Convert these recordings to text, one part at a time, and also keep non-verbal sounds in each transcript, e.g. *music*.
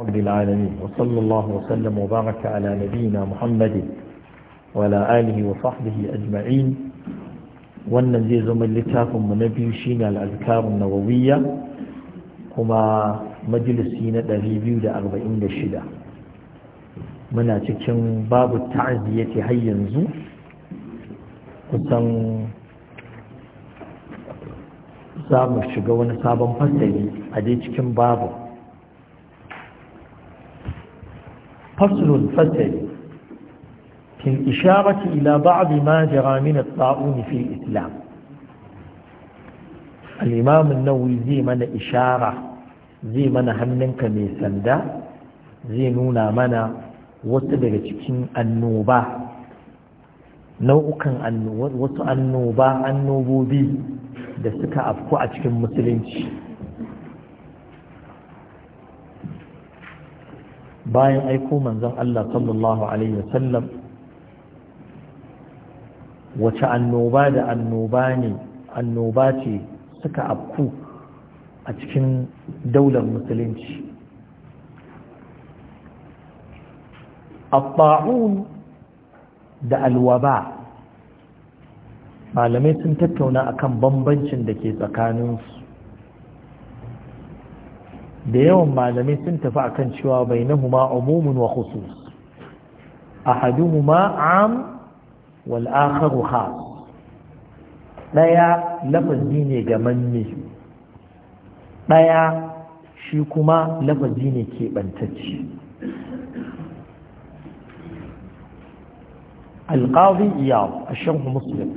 رب العالمين وصلى الله وسلم وبارك على نبينا محمد وعلى آله وصحبه أجمعين wannan zai zama littafin littafinmu na biyu shine al'azkarun nawawiyya kuma majalisi na shida. muna cikin babu ta'aziyyati har yanzu kusan za mu shiga wani sabon fasali a dai cikin babu فصل فصل في الإشارة إلى بعض ما جرى من الطاعون في الإسلام الإمام النووي زي من إشارة زي من هننك ميسندا زي نونا منا وتدري cikin annoba nau'ukan wasu annoba annobobi da suka afku a cikin musulunci bayan aiko manzon Allah sallallahu alaihi wasallam wace annoba da annoba ne annoba ce suka abku a cikin daular musulunci abba'un da alwaba malamai sun tattauna akan bambancin da ke tsakaninsu da yawan malamai sun tafi akan cewa bai bainahuma umumun wa khusus ahaduhuma am wal akharu khas lafazi ne ga manne Ɗaya shi kuma lafazi ne ke bantacce القاضي إياب الشرح مسلم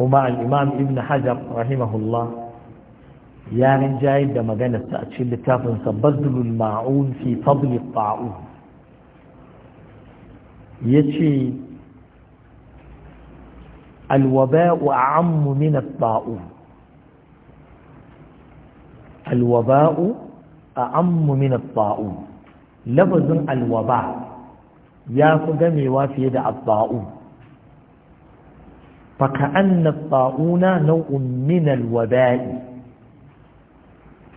ومع الإمام ابن حجر رحمه الله يا من جايب ده مجال التأتشين للكافر بذل الماعون في فضل الطاعون يتشي الوباء أعم من الطاعون الوباء أعم من الطاعون لفظ الوباء يا فدمي وافي يد الطاعون فكأن الطاعون نوع من الوبائي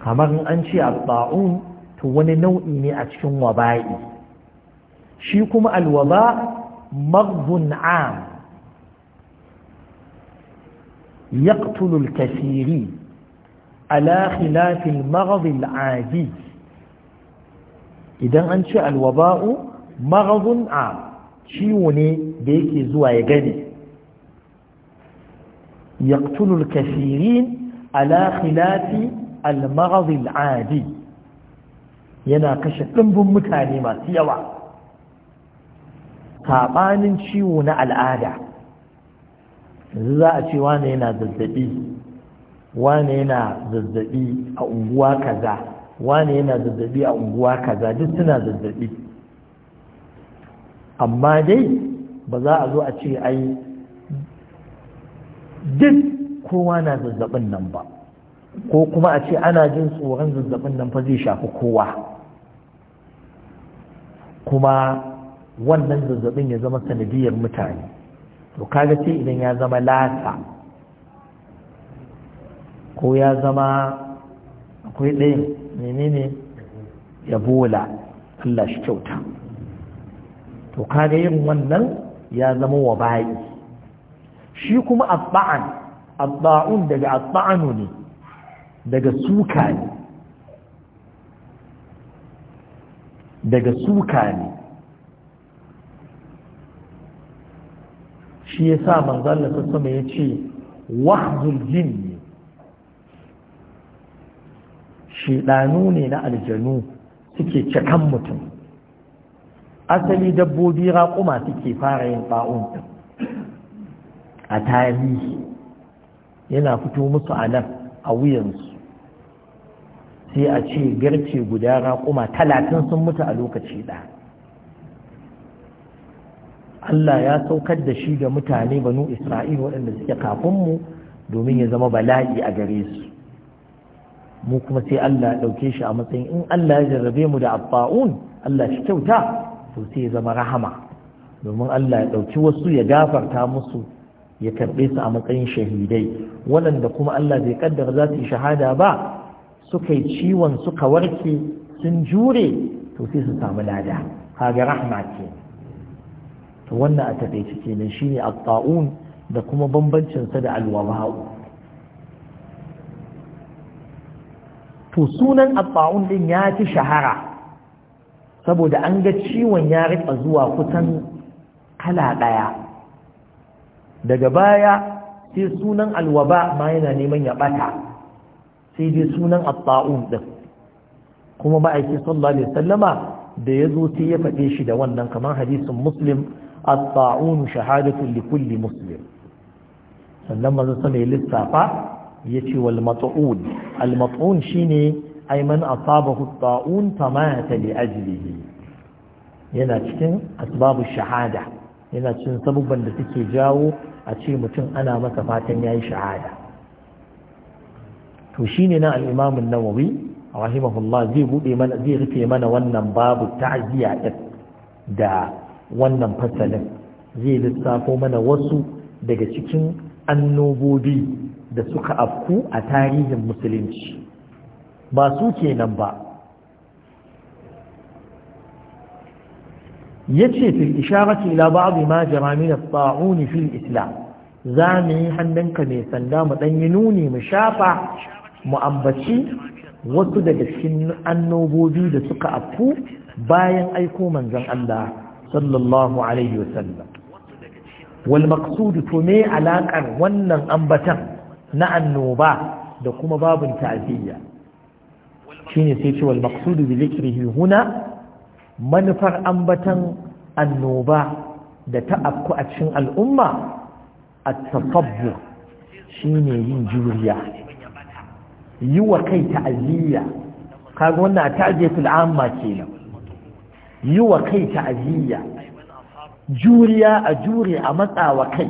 kamar an ce abba'un to wani nau'i ne a cikin waba'i shi kuma alwaba maghzun am yaqtulu al-kathiri ala khilaf al idan an ce alwaba'u maghzun am ciwo ne da yake zuwa ya gani yaqtulu al-kathirin ala al-maghad al-adi yana kashe dimbin mutane masu yawa sabanin ciwo na al'ada yanzu za a ce wane yana zazzabi wane yana zazzabi a unguwa kaza wane yana zazzabi a unguwa kaza duk suna zazzabi amma dai ba za a zo a ce ai duk kowa na zazzabin nan ba ko kuma a ce ana jin tsoron zazzabin nan fa zai shafi kowa kuma wannan zazzabin ya zama sanadiyar mutane to kaga sai idan ya zama lata, ko ya zama akwai ɗayan menene ya bola, Allah shi kyauta to kaga yin wannan ya zama wa bayi shi kuma abba'an abba'un daga abba'anu ne daga suka ne daga suka ne shi ya sa manzalla sassama ya ce wahzul jin shiɗanu ne na aljanu suke cakan mutum asali dabbobi raƙuma suke fara yin ɓa'un a tarihi yana fito musu a nan a wuyansu sai a ce garce guda raƙuma talatin sun mutu a lokaci ɗaya Allah ya saukar da shi ga mutane banu Isra'il waɗanda suke kafin mu domin ya zama bala'i a gare su mu kuma sai Allah ya ɗauke shi a matsayin in Allah ya jarrabe mu da abba'un Allah shi kyauta to sai ya zama rahama domin Allah ya ɗauki wasu ya gafarta musu ya karɓe su a matsayin shahidai waɗanda kuma Allah bai kaddara za su yi shahada ba suka yi ciwon suka warke sun jure to sai su samu lada kaga rahma ce to wannan a taƙaice kenan shine at-ta'un da kuma bambancin sa da alwabau. to sunan at din ya ci shahara saboda an ga ciwon ya riƙa zuwa kusan kala ɗaya daga baya sai sunan alwaba ma yana neman ya ɓata sai dai sunan at ɗin, kuma ma'aikin sallallahu da ya zo sai ya faɗe shi da wannan kamar hadisin muslim at shahadatun kulli muslim sannan manzo sama ya lissafa ce wal mat'un al mat'un shine ay man asabahu at-ta'un famata li ajlihi yana cikin asbabu shahada yana cikin sabubban da suke jawo a ce mutum ana masa fatan yi shahada to shine nan na imam an-Nawawi rahimahullah zai zai rufe mana wannan babu ta'ziya din da wannan fasalin zai lissafo mana wasu daga cikin annobobi da suka afku a tarihin musulunci ba su kenan ba yace fil isharati ila ba'd ma jara min at-ta'un fil islam zami hannunka mai sanda mu dan yi nuni mu shafa mu ambaci wasu daga cikin annobobi da suka afku bayan aiko manzon Allah sallallahu alaihi wasallam wal maqsud to me alaƙar wannan ambatan na annoba da kuma babun ta'ziya shine sai ce wal maqsud bi dhikrihi huna manufar ambatan annoba da ta afku a cikin al'umma at-tasabbur shine yin juriya yi wa kai ta'aziyya kaga wannan ta'aziyatul amma kenan yi wa kai ta'aziyya juriya a jure a matsawa kai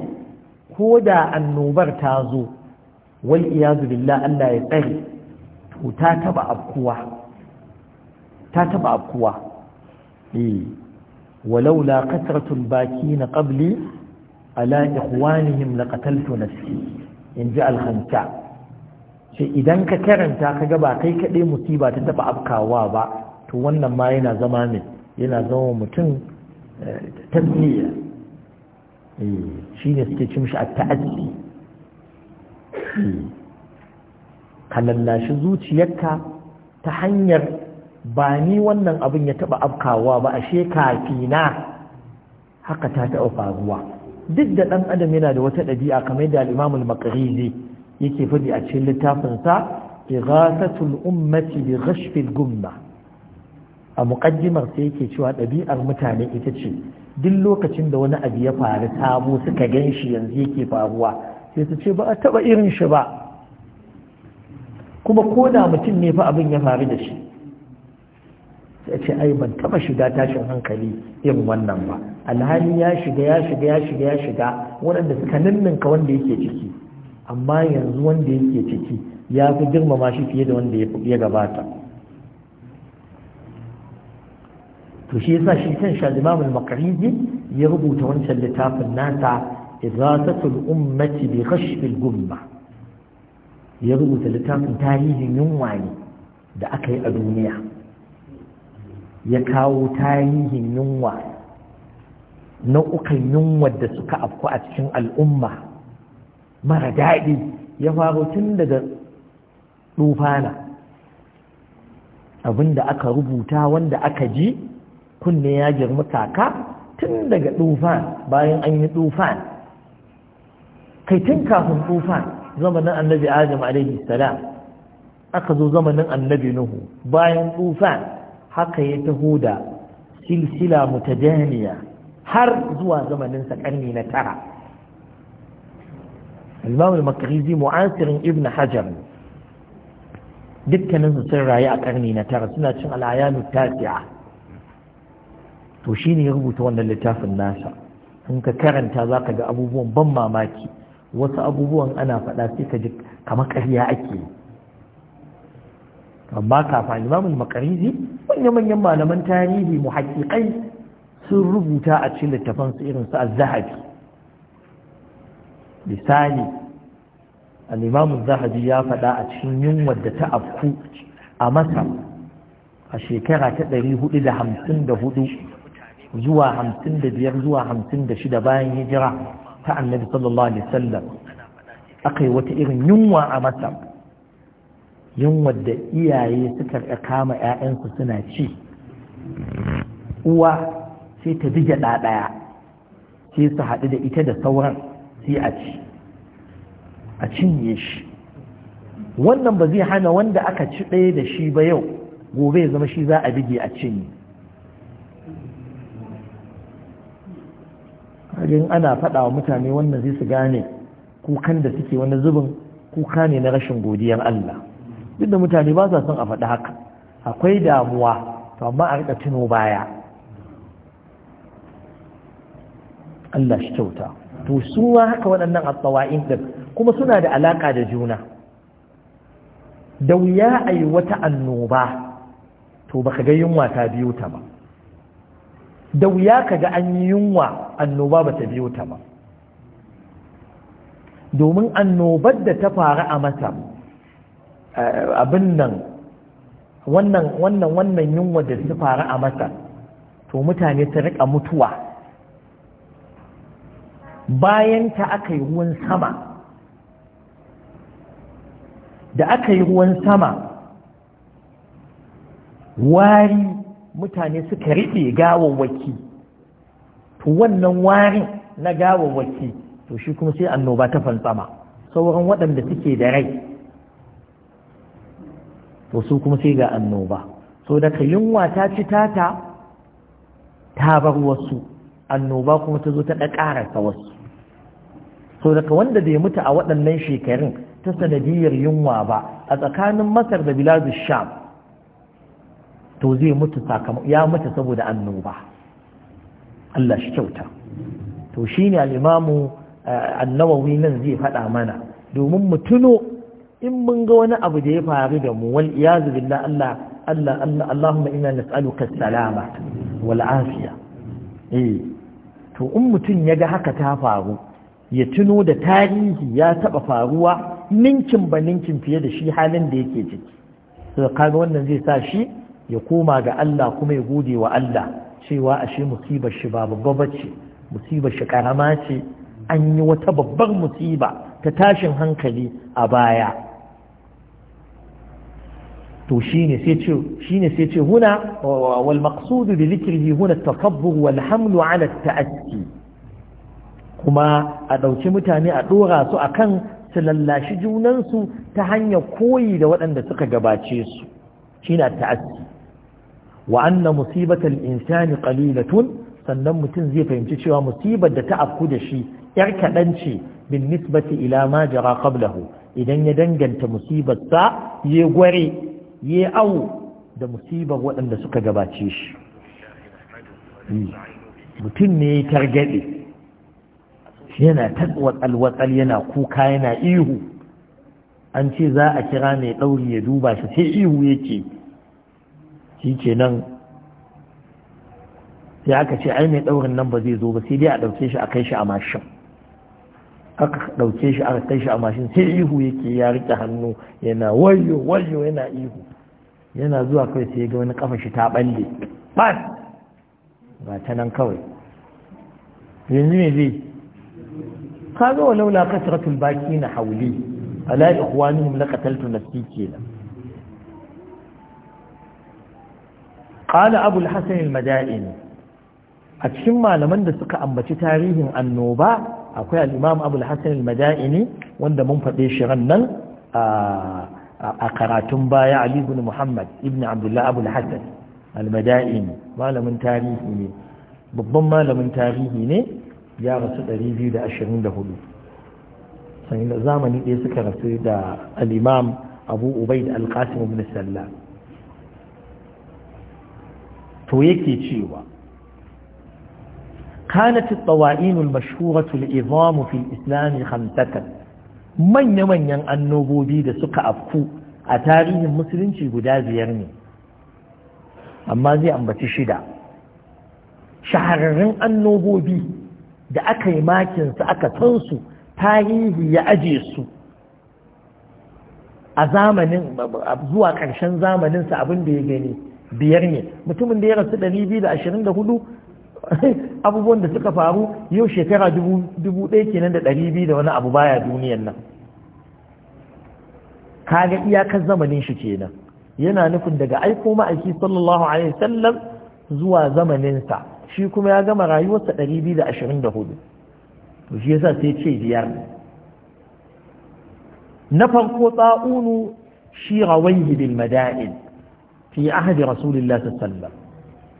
ko da annobar ta zo wal iyazu billah Allah ya tsare to ta taba afkuwa ta taba afkuwa eh walaula kasratul bakin qabli ala ikhwanihim laqataltu nafsi in al-khanta sai idan ka karanta ka ga ba kai kaɗai musiba ta taɓa afkawa ba to wannan ma yana zama ne yana zama mutum eh, tasmiya eh, shi ne suke cin a ta'azzi eh, ka lallashi zuciyarka ta hanyar ba ni wannan abin ya taɓa afkawa ba ashe kafina haka ta taɓa faruwa duk da ɗan adam yana da wata ɗabi'a kamar da al'imamul maƙarizi yake faɗi a cikin littafinsa ighasatul ummati bi ghashfil gumma a muqaddimar sai yake cewa ɗabi'ar mutane ita ce duk lokacin da wani abu ya faru sabo suka gan shi yanzu yake faruwa sai su ce ba a taɓa irin shi ba kuma ko da mutum ne fa abin ya faru da shi sai ce ai ban taɓa shiga tashin hankali irin wannan ba alhali ya shiga ya shiga ya shiga ya shiga waɗanda suka ninninka wanda yake ciki amma yanzu wanda yake ciki ya fi girmama shi fiye da wanda ya gabata to shi yasa shi kan sha limamul makarizi ya rubuta wancan littafin nasa idratatul ummati bi khashfil gumma ya rubuta littafin tarihin yunwa ne da aka yi a duniya ya kawo tarihin yunwa ukan yunwa da suka afku a cikin al'umma mara daɗi ya faru tun daga tsufana abinda aka rubuta wanda aka ji kunne ya girma kaka tun daga tsufan bayan an yi tsufan kai tun kafin tsufan zamanin annabi adam alaihi salam aka zo zamanin annabi nuhu bayan tsufan haka ya taho da silsila mutajaniya har zuwa zamanin sa karni na tara al-imam al-maqrizi mu'asirin ibn hajar dukkanin su sun rayu a karni na tara suna cin al-ayanu tasi'a to shine ya rubuta wannan littafin nasa in ka karanta zaka ga abubuwan ban mamaki wasu abubuwan ana faɗa sai ka ji kamar ƙarya ake amma kafin imam al-maqrizi manya-manyan malaman tarihi muhaƙiƙai sun rubuta a cikin littafansu irin su az-zahabi misali al'imamun zahabi ya faɗa a cikin yunwar da ta afku a masa a shekara ta 454 zuwa 55 zuwa 56 bayan hijira ta annabi sallallahu alaihi wasallam aka yi wata irin yunwa a masa yunwar da iyaye suka kama 'ya'yansu suna ci uwa sai ta bi gyaɗa ɗaya sai su haɗu da ita da sauran sai a ci a cinye shi wannan ba zai hana wanda aka ci ɗaya da shi ba yau gobe ya zama shi za a bige a cinye hajjin ana faɗa wa mutane wannan zai su gane kukan da suke wani zubin kuka ne na rashin godiyar Allah duk da mutane ba sa son a faɗi haka akwai damuwa to amma a riƙa tuno baya Allah shi kyauta to su haka waɗannan asawa'in ɗin kuma suna da alaƙa da juna da wuya a yi wata annoba to baka ga yunwa ta biyo ta ba da wuya ka ga an yi yunwa annoba ba ta biyo ta ba domin annobar da ta faru a masa eh, abin nan wannan wannan yunwa da ta faru a masa to mutane ta riƙa mutuwa bayan ta aka yi ruwan sama da aka yi ruwan sama wari mutane suka riɓe gawawaki to wannan wari na gawawaki to shi kuma sai annoba ta fantsama sauran waɗanda suke da rai to su kuma sai ga annoba so daga yunwa ta ci tata ta bar wasu annoba kuma ta zo ta ɗaƙararsa wasu so daga wanda bai mutu a waɗannan shekarun ta sanadiyar yunwa ba a tsakanin masar da biladu sham to zai mutu sakamako. ya mutu saboda annoba Allah shi kyauta to shi ne al'imamu eh, annawawi nan zai faɗa mana domin mu tuno in mun ga wani abu da ya faru da mu wal iyazu billah Allah Allah Allah Allahumma inna nas'aluka salama wal afiya eh to in mutum ya ga haka ta faru ya tuno da tarihi ya taɓa faruwa ninkin ba ninkin fiye da shi halin da yake ciki sai kaga wannan zai sa shi ya koma ga Allah kuma ya gode wa Allah cewa ashe musibar shi ba babba bace musibar shi karama ce an yi wata babbar musiba ta tashin hankali a baya to shine sai ce shine sai ce huna wal maqsud bi dhikrihi huna at-takabbur wal hamlu ala at-ta'assi kuma a ɗauki mutane a ɗora su a kan su lallashi junansu ta hanyar koyi da waɗanda suka gabace su shi na ta'assi wa anna musibatal insani qalilatun sannan mutum zai fahimci cewa musibar da ta afku da shi yar kaɗan ce bin nisbati ila ma jara qablahu idan ya danganta musibar sa ya gware ya awo da musibar waɗanda suka gabace shi hmm. mutum ne ya targaɗe yana tatwatsal-watsal yana kuka yana ihu an ce za a kira mai ɗauri ya duba shi sai ihu yake shi ke nan sai aka ce ai mai ɗaurin nan ba zai zo ba sai dai a ɗauke shi a kai shi a mashin aka ɗauke shi aka kai shi a mashin sai ihu yake ya rike hannu yana wayo wayo yana ihu yana zuwa kawai sai ya ga wani kafa shi ta balle ba ta nan kawai yanzu me zai kaga wa laula kasratul baki na hauli ala ikhwanihim laqataltu nafsi kenan qala abu al-hasan al-madaini a cikin malaman da suka ambaci tarihin annoba akwai al-imam abu al madaini wanda mun faɗe shi nan a karatun baya ali ibn muhammad ibn abdullah abu al madaini malamin tarihi ne babban malamin tarihi ne ya rasu 224 sannan da zamani ɗaya suka rasu da al'imam abu ubai da alƙasim ibn sallam to yake cewa كانت الطوائين المشهورة العظام في الإسلام خمسة من يمن ين النبو بي دا سكا أفكو أتاريه المسلم شي قدا زيرني أما زي أم بتشدا شهرين النبو بي da aka yi makinsu aka san su tarihi ya aje su a zamanin zuwa ƙarshen zamaninsa abin da ya gani biyar ne mutumin da ya rasu 224 *laughs* abubuwan da suka faru yau shekara 1000 kenan da 200 da wani abu baya duniyan nan kaga iyakar zamanin shi kenan yana nufin daga aiko ma'aiki sallallahu alaihi wasallam zuwa zamaninsa shi kuma ya gama rayuwarsa 224 to shi yasa sai ce biyar na farko tsa'unu shi rawaihi bil mada'in fi ahdi rasulillah sallallahu alaihi wasallam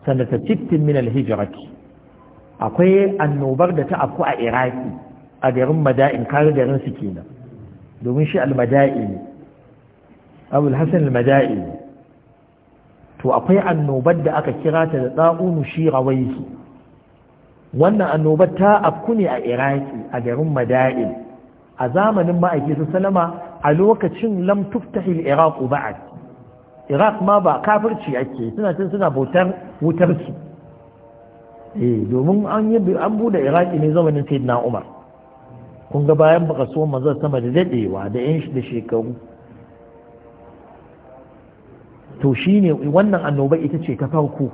sanata 60 min al hijrati akwai annobar da ta afku a iraki a garin mada'in kare garin su kenan domin shi al-mada'i abul hasan al-mada'i to akwai annobar da aka kira ta da ɗa'unu shi rawaihi wannan annobar ta afku ne a iraki a garin mada'il a zamanin ma'aiki su salama a lokacin lam tuftahil iraq ba'ad iraq ma ba kafirci ake suna cin suna bautar wutar su eh domin an yi an bude iraki ne zamanin sayyidina umar kun ga bayan baka so manzon sama da dadewa da yan da shekaru to shi ne wannan annoba ita ce ta farko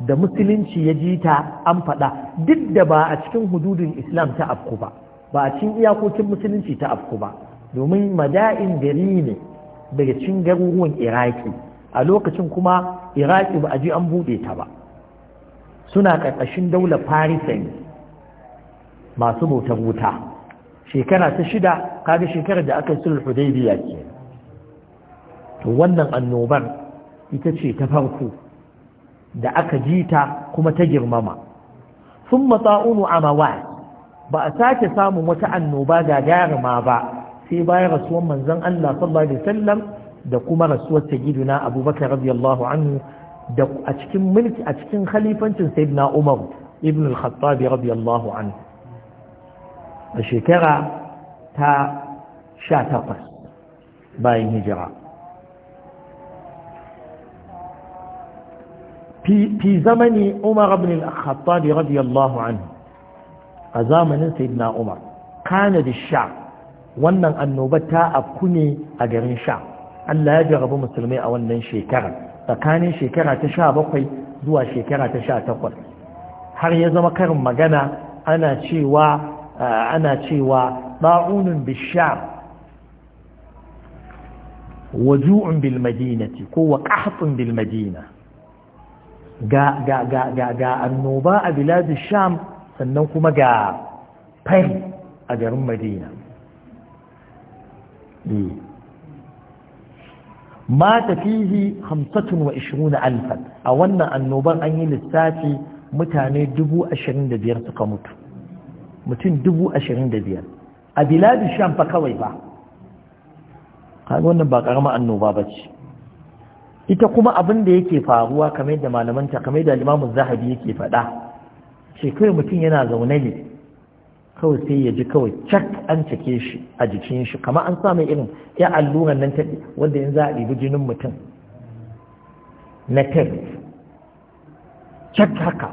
da musulunci ya ji ta an faɗa duk da ba a cikin hududin islam ta afku ba ba a cikin iyakokin musulunci ta afku ba domin mada'in gari ne daga cikin garuruwan iraki a lokacin kuma iraki ba a ji an buɗe ta ba suna ƙarƙashin daular ne masu bautar wuta shekara ta shida kaga shekarar da aka yi sulhu daibiya ke to wannan annobar ita ce ta farko da aka ji ta kuma ta girmama sun matsa'unu a mawai. ba a sake samun wata annoba ga garama ba sai bayan rasuwan manzon Allah sallallahu alaihi wasallam da kuma rasuwar giduna Abubakar radiyallahu anhu da a cikin mulki a cikin khalifancin sayyidina Umar ibn al-Khattab radiyallahu anhu a shekara ta 18 bayan hijira fi zamani umar ibn al anhu a zamanin sayyidina umar kana da wannan annoba ta afku ne a garin sha Allah ya jarabi musulmai a wannan shekara tsakanin shekara ta sha bakwai zuwa shekara ta sha takwas har ya zama karin magana ana cewa ana cewa ba'unun bisham waju'un bil madinati ko wa qahtun bil madina ga annoba a biladun sham sannan kuma ga fari a garin madina e. mata wa 25 alfan a wannan annoban an yi lissafi mutane biyar suka mutu mutum biyar a biladun sham fa kawai ba wannan ba ƙarama annoba ba ce ita kuma abin da yake faruwa kamar da malamanta kamar da limamu zahabi yake faɗa ce kawai mutum yana zaune ne kawai sai ya ji kawai cak an cike shi a jikin shi kamar an samu irin ya alluran nan ta wanda in za a ɗibi jinin mutum na tek cak haka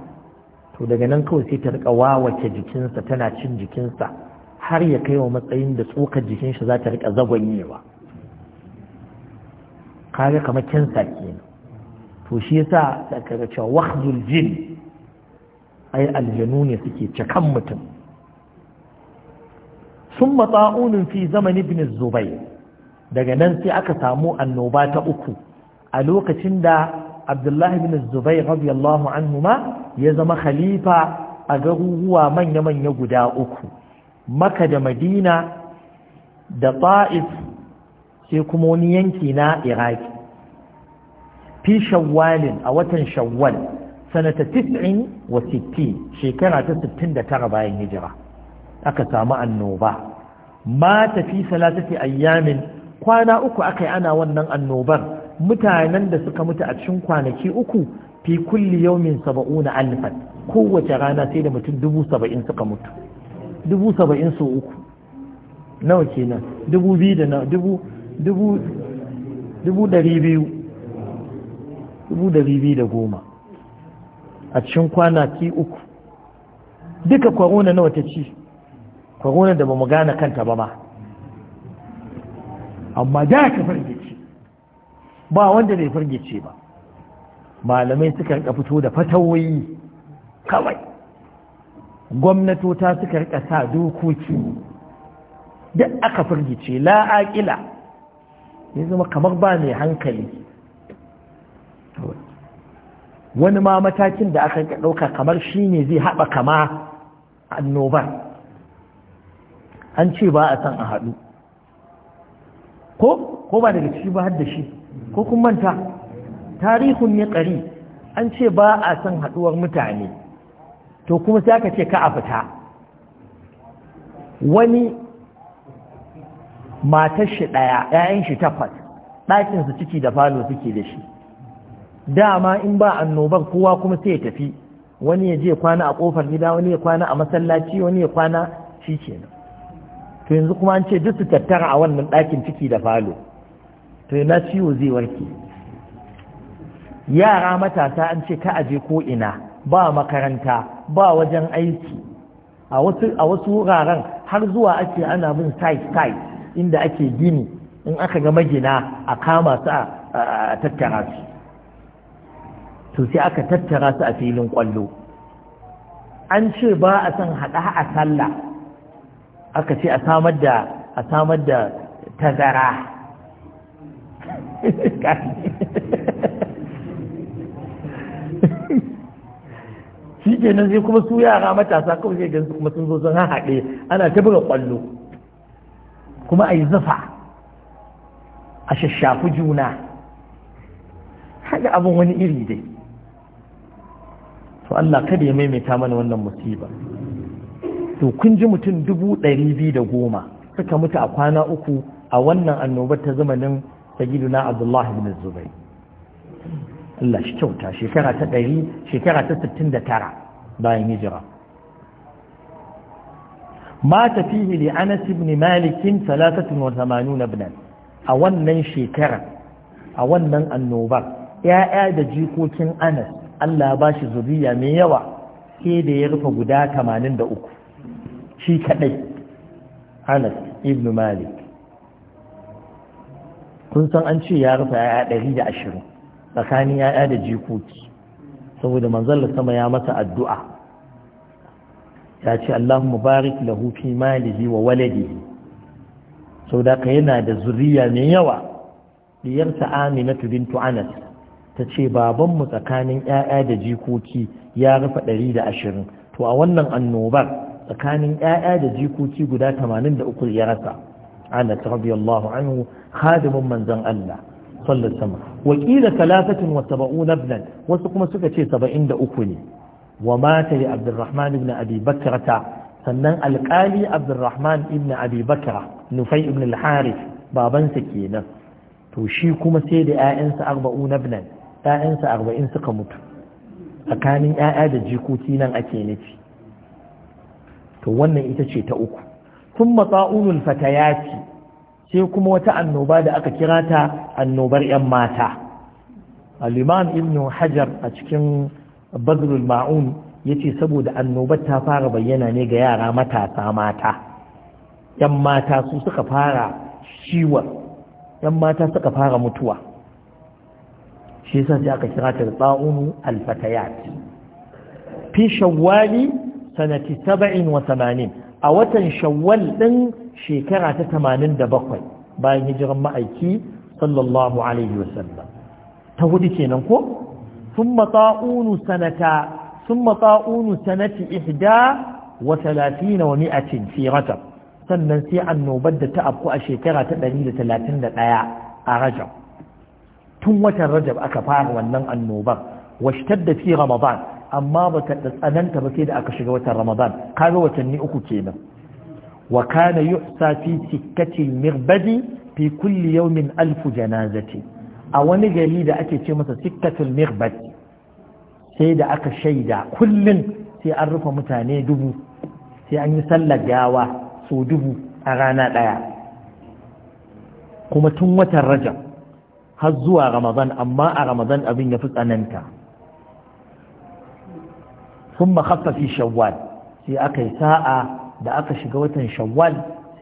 to daga nan kawai sai ta rika wawace jikinsa tana cin jikinsa har ya kai wa matsayin da tsokar jikin shi za ta rika zagwanyewa kaga kamar kensa kenan to shi yasa daga cewa wahzul jin ai aljanu ne suke cakan mutum sun matsa'unin fi zaman ibn zubai daga nan sai aka samu annoba ta uku a lokacin da abdullahi ibn zubai radiyallahu anhu ma ya zama khalifa a garuruwa manya-manya guda uku maka da madina da ta'if sai kuma wani yanki na iraki fi shawwalin a watan shawwal sanata wa sitti shekara ta sittin da tara bayan hijira aka samu annoba ma tafi salatati ayyamin kwana uku yi ana wannan annobar mutanen da suka mutu a cikin kwanaki uku fi kulli yawmin saba'una alfan kowace rana sai da mutum dubu saba'in suka mutu dubu saba'in su uku nawa kenan dubu biyu da dubu dubu ɗari biyu da goma a cikin kwanaki uku duka kwarona nawa ta ci kwarona da ba mu gane kanta ba ba. amma da ka fargice ba wanda bai fargice ba malamai suka rika fito da fatawoyi kawai gwamnatota suka rika sa dokoki duk aka firgice la'aƙila ya zama kamar ba mai hankali wani ma matakin da aka ɗauka kamar shi ne zai haɓa kama annobar an ce ba a san a haɗu ko ko ba daga ciki ba har da shi ko kun manta tarihun ne ƙari an ce ba a san haɗuwar mutane to kuma sai aka ce ka a fita wani matar shi ɗaya ‘ya'yan shi takwas ɗakinsu ciki da falo suke da shi dama in ba annobar kowa kuma sai ya tafi wani ya je kwana a ƙofar gida wani ya kwana a masallaci wani ya kwana shi kenan to yanzu kuma an ce duk su tattara a wannan ɗakin ciki da falo to yana ciwo zai warke yara matasa an ce ka aje ko ina ba makaranta ba wajen aiki a wasu wuraren har zuwa ake ana bin site site inda ake gini in aka ga magina a kama su a tattara su to sai aka tattara su a filin kwallo an ce ba a san haɗa a sallah aka ce a samar da a samar da tazara *laughs* shi nan sai kuma su yara matasa kawai zai gan kuma sun zo sun haɗe ana ta buga kwallo kuma a yi zufa a shashafi juna haɗa abin wani iri dai to Allah kada ya maimaita mana wannan musiba to kun ji mutum dubu ɗari biyu da goma suka mutu a kwana uku a wannan annobar ta zamanin sagiduna abdullahi bin zubai Allah shi kyauta shekara ta ɗari shekara ta sittin da tara bayan hijira mata fihi anas ibn malik 83 ibnan a wannan shekara a wannan annobar ya'ya da jikokin anas Allah ba shi zuriya mai yawa sai da ya rufe guda 83 shi kadai anas ibn malik kun san an ce ya rufe ya'ya da ɗari 120 tsakanin ya'ya da jikoki saboda manzon sama ya masa addu'a ya ce Allahumma barik lahu malihi wa Walade, sau da ka yana da zuriya mai yawa diyarsa aminatu bintu anas ta ce babanmu tsakanin 'ya'ya da jikoki ya rufe ɗari da ashirin to a wannan annobar tsakanin 'ya'ya da jikoki guda tamanin da uku ya rasa anas radiyallahu anhu khadimin manzon Allah sallallahu alaihi wasallam wakila talatin wa sab'una ibnan wasu kuma suka ce uku ne wa mata li abdurrahman ibn abi bakrata sannan alƙali abdurrahman ibn abi bakra nufai ibn al-harith babansa kenan to shi kuma sai da ƴaƴansa arba'un ibnan ƴaƴansa arba'in suka mutu tsakanin ƴaƴa da jikoki nan ake nufi to wannan ita ce ta uku sun matsa'unul fatayati sai kuma wata annoba da aka kira ta annobar 'yan mata al'iman ibn hajar a cikin badrul ma'un ce saboda annobar ta fara bayyana ne ga yara matasa mata yan mata su suka fara ciwon yan mata suka fara mutuwa shi yasa sai aka kira ta tsa'unu alfatayat fi shawwali sanati 87 a watan shawwal din shekara ta 87 bayan hijiran ma'aiki sallallahu alaihi wasallam ta hudu kenan ko Sun طاعون سنة ثم طاعون سنة إحدى وثلاثين ومئة في رجب sannan sai annobar da ta afku a shekara ta ɗari da da talatin ɗaya a rajab tun watan rajab aka fara wannan annobar washtadda fi ramadan amma ba ta tsananta ba sai da aka shiga watan ramadan kaga watanni uku kenan wa kana yuhsa fi sikkati mirbadi fi kulli yawmin alf janazati a wani gari da ake ce masa sittatul mirbat sai da aka shaida kullum sai an rufe mutane dubu sai an yi sallar gawa so dubu a rana ɗaya kuma tun watan rajab har zuwa ramadan amma a ramadan abin ya fi tsananta sun makaffafi shawwal sai aka yi sa'a da aka shiga watan shawwal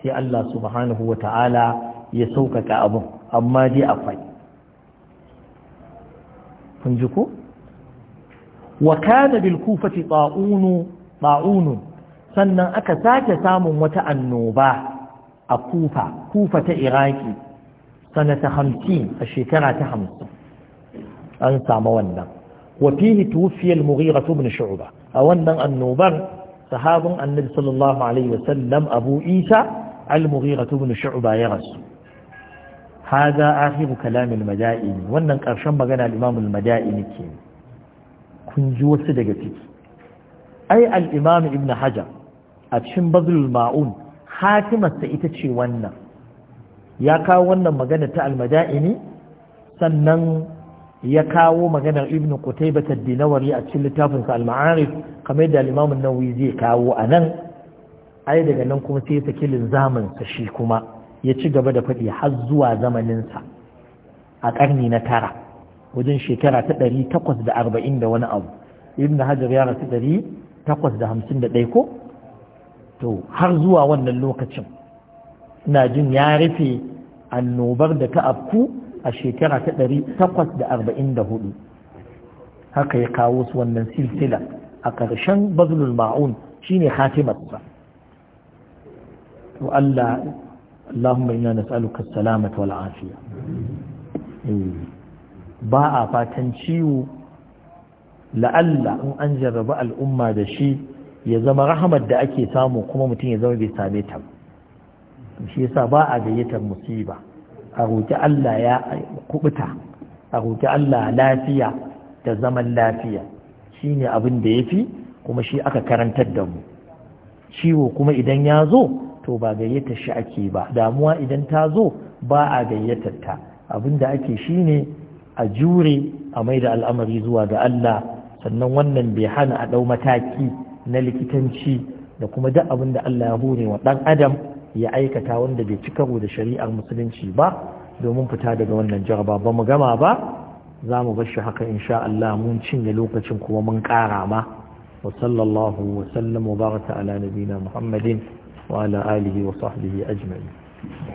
sai Allah subhanahu wa ta'ala ya sauƙaƙa abin amma dai akwai kun ji ku wa kana bil kufati ta'unu sannan aka sake samun wata annoba a kufa kufa ta iraki sanata 50 a shekara ta 50 an samu wannan wa fihi al-mughira ibn shu'ba a wannan annobar sahabin annabi sallallahu alaihi wasallam abu isa al-mughira ibn shu'ba ya rasu haza akhiru kalamil madaini wannan karshen magana al madaini ke kun ji wasu daga ciki ai al-imam ibn hajar a cikin bazlul ma'un hatimarsa ita ce wannan ya kawo wannan magana ta al-madaini sannan ya kawo maganar ibn qutayba ad-dinawari a cikin littafin sa al-ma'arif kamar da al-imam an zai kawo anan ai daga nan kuma sai ya saki linzamin shi kuma ya ci gaba da faɗi har zuwa zamaninsa a ƙarni na tara wajen shekara ta ɗari takwas da arba'in da wani abu da hajar ya rasu ɗari takwas da hamsin da ɗai ko to har zuwa wannan lokacin ina jin ya rufe annobar da ta afku a shekara ta ɗari takwas da arba'in da hudu haka ya kawo su wannan silsila a ƙarshen bazlul ma'un shine khatimarsa to Allah Allahumma ina nas'aluka salamata wal afiya eh, ba a fatan ciwo la'alla in an jarraba al'umma da shi ya zama rahamar da ake samu kuma mutum ya zama bai same ta shi yasa ba a gayyatar musiba a roƙi Allah ya kubuta a roƙi Allah lafiya da zaman lafiya shine abin da fi kuma shi aka karantar da mu ciwo kuma idan ya zo to ba gayyata shi ake ba damuwa idan ta zo ba a gayyatar ta abinda ake shine a jure a mai da al'amari zuwa ga Allah sannan wannan bai hana a ɗau mataki na likitanci da kuma duk abin da Allah ya hore wa ɗan adam ya aikata wanda bai ci karo da shari'ar musulunci ba domin fita daga wannan jaraba ba mu gama ba za mu bar shi haka insha Allah mun cinye lokacin kuma mun ƙara ma wa sallallahu wa sallam wa baraka ala nabina muhammadin وعلى آله وصحبه أجمعين